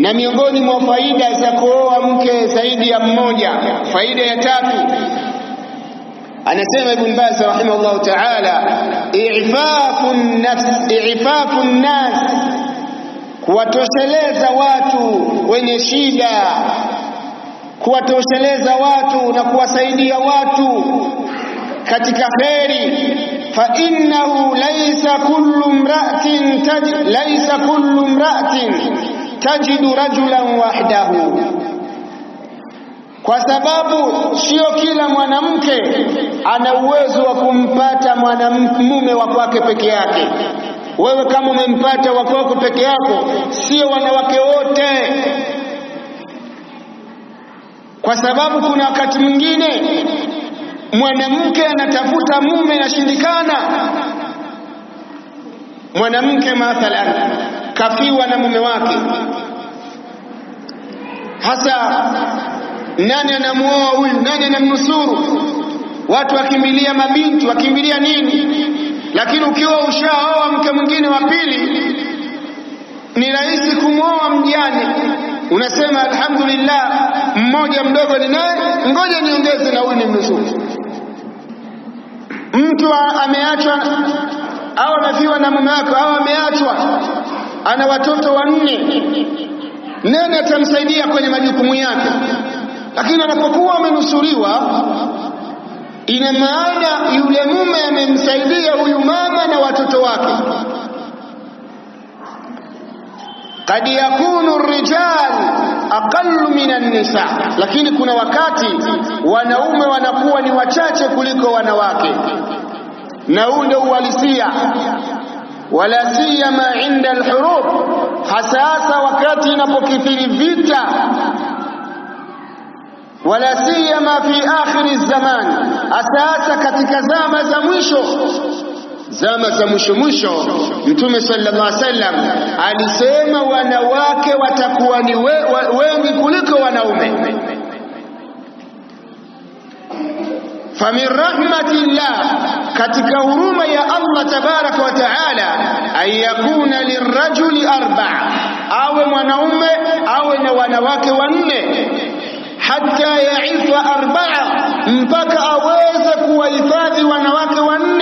Na miongoni mwa faida za kuoa mke zaidi ya mmoja, faida ya tatu, anasema Ibn Baz rahimahullah ta'ala, i'fafu nnas, kuwatosheleza watu wenye shida, kuwatosheleza watu na kuwasaidia watu katika kheri fa innahu laysa kullu mra'atin tajidu rajulan wahdahu, kwa sababu sio kila mwanamke ana uwezo wa kumpata mwanamume wa kwake peke yake. Wewe kama umempata wa kwako peke yako, sio wanawake wote, kwa sababu kuna wakati mwingine mwanamke anatafuta mume, anashindikana. Mwanamke mathalan kafiwa na mume wake. Hasa nani anamuoa huyu? Nani anamnusuru? Watu wakimbilia mabinti, wakimbilia nini? Lakini ukiwa ushaoa mke mwingine wa pili, ni rahisi kumwoa mjane. Unasema alhamdulillah, mmoja mdogo ni naye ngoja niongeze na huyu ni mnusuru. Mtu ameachwa au amefiwa na mume wake au ameachwa ana watoto wanne, nani atamsaidia kwenye majukumu yake? Lakini anapokuwa amenusuriwa, ina maana yule mume amemsaidia huyu mama na watoto wake. Kad yakunu rijal aqallu min an-nisa, lakini kuna wakati wanaume wanakuwa ni wachache kuliko wanawake, na huu ndio uhalisia wala siyama inda alhurub, hasahasa wakati inapokithiri vita. Wala siyama fi akhiri zaman, hasasa katika zama za mwisho zama za mwisho mwisho. Mtume sallallahu alaihi wasallam alisema wanawake watakuwa ni wengi we, we, kuliko wanaume فمن رحمة الله كتك يا الله تبارك وتعالى أن يكون للرجل أربع أو من أم أو نوانواك ونن حتى يعيث أربعة انفك أويزك ويفاذ ونواك ونن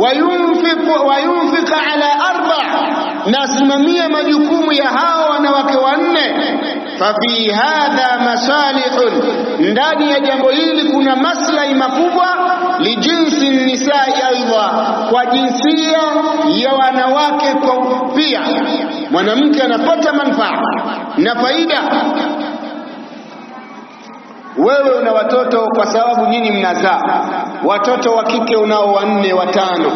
wayunfika ala arba, nasimamia majukumu ya hawa wanawake wanne. Fafi hadha masalihun, ndani ya jambo hili kuna maslahi makubwa. Lijinsi nisai aidha, kwa jinsia ya wanawake kwa pia, mwanamke anapata manufaa na faida. Wewe una watoto kwa sababu nyinyi mnazaa watoto wa kike unao wanne watano,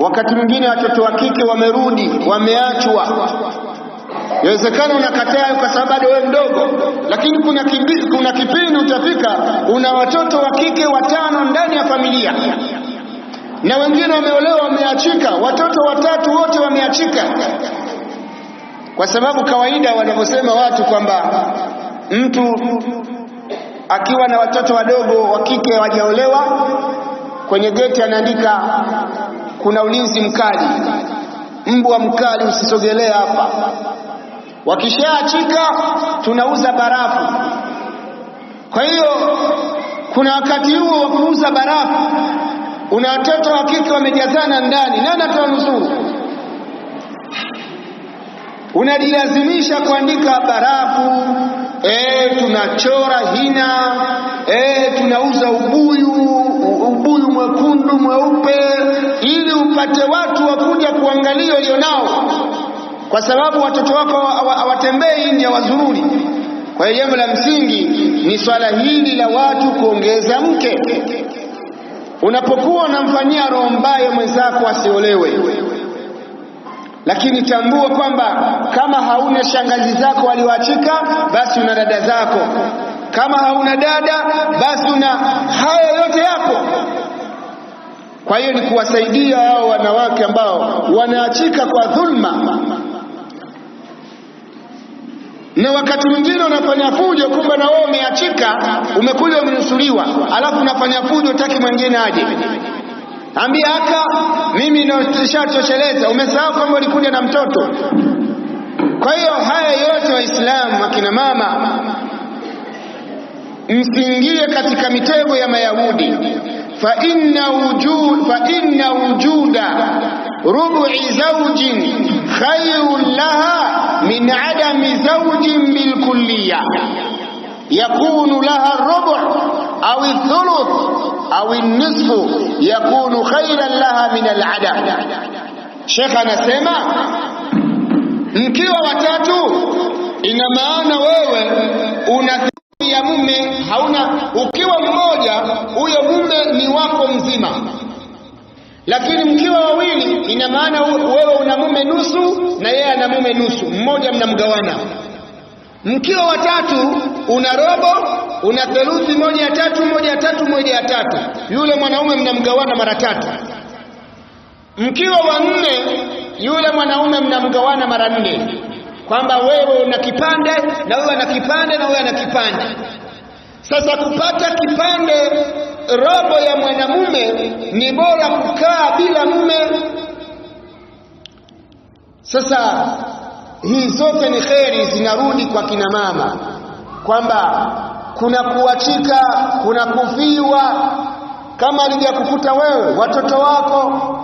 wakati mwingine watoto wa kike wamerudi wameachwa. Inawezekana unakataa kwa sababu bado wewe mdogo, lakini kuna, kuna kipindi utafika una watoto wa kike watano ndani ya familia na wengine wameolewa wameachika, watoto watatu wote wameachika, kwa sababu kawaida wanavyosema watu kwamba mtu akiwa na watoto wadogo wa kike wajaolewa, kwenye geti anaandika kuna ulinzi mkali, mbwa mkali, usisogelea hapa. Wakishaachika tunauza barafu. Kwa hiyo kuna wakati huo wa kuuza barafu, una watoto wa kike wamejazana ndani, nani atanusuru? Unajilazimisha kuandika barafu e, tunachora hina e, tunauza ubuyu, ubuyu mwekundu mweupe, ili upate watu wakuja kuangalia ulionao, kwa sababu watoto wako hawatembei India wazururi. Kwa hiyo jambo la msingi ni swala hili la watu kuongeza mke. Unapokuwa unamfanyia roho mbaya mwenzako asiolewe lakini tambua kwamba kama hauna shangazi zako walioachika, basi una dada zako. Kama hauna dada, basi una haya yote yako. Kwa hiyo ni kuwasaidia hao wanawake ambao wanaachika kwa dhulma, na wakati mwingine unafanya fujo, kumbe na wewe umeachika, umekuja umenusuriwa, alafu unafanya fujo, taki mwingine aje ambia aka mimi nishatosheleza. Umesahau kwamba ulikuja na mtoto. Kwa hiyo haya yote, Waislamu akina mama, msiingie katika mitego ya Mayahudi. fa inna wujud fa inna wujuda rubu'i zawjin khairun laha min adami zawjin bilkulliya yakunu laha rubu' au thuluth au nisfu yakunu khairan laha min aladam. Shekh anasema mkiwa watatu, ina maana wewe una ya mume hauna. Ukiwa mmoja, huyo mume ni wako mzima, lakini mkiwa wawili, ina maana wewe una mume nusu na yeye ana mume nusu, mmoja mnamgawana. Mkiwa watatu, una robo una theluthi moja ya tatu moja ya tatu moja ya tatu, yule mwanaume mnamgawana mara tatu. Mkiwa wanne, yule mwanaume mnamgawana mara nne, kwamba wewe una kipande na wewe ana kipande na wewe ana kipande. Sasa kupata kipande robo ya mwanamume ni bora kukaa bila mume. Sasa hii zote ni kheri, zinarudi kwa kina mama kwamba kuna kuachika, kuna kufiwa. Kama alijakukuta wewe, watoto wako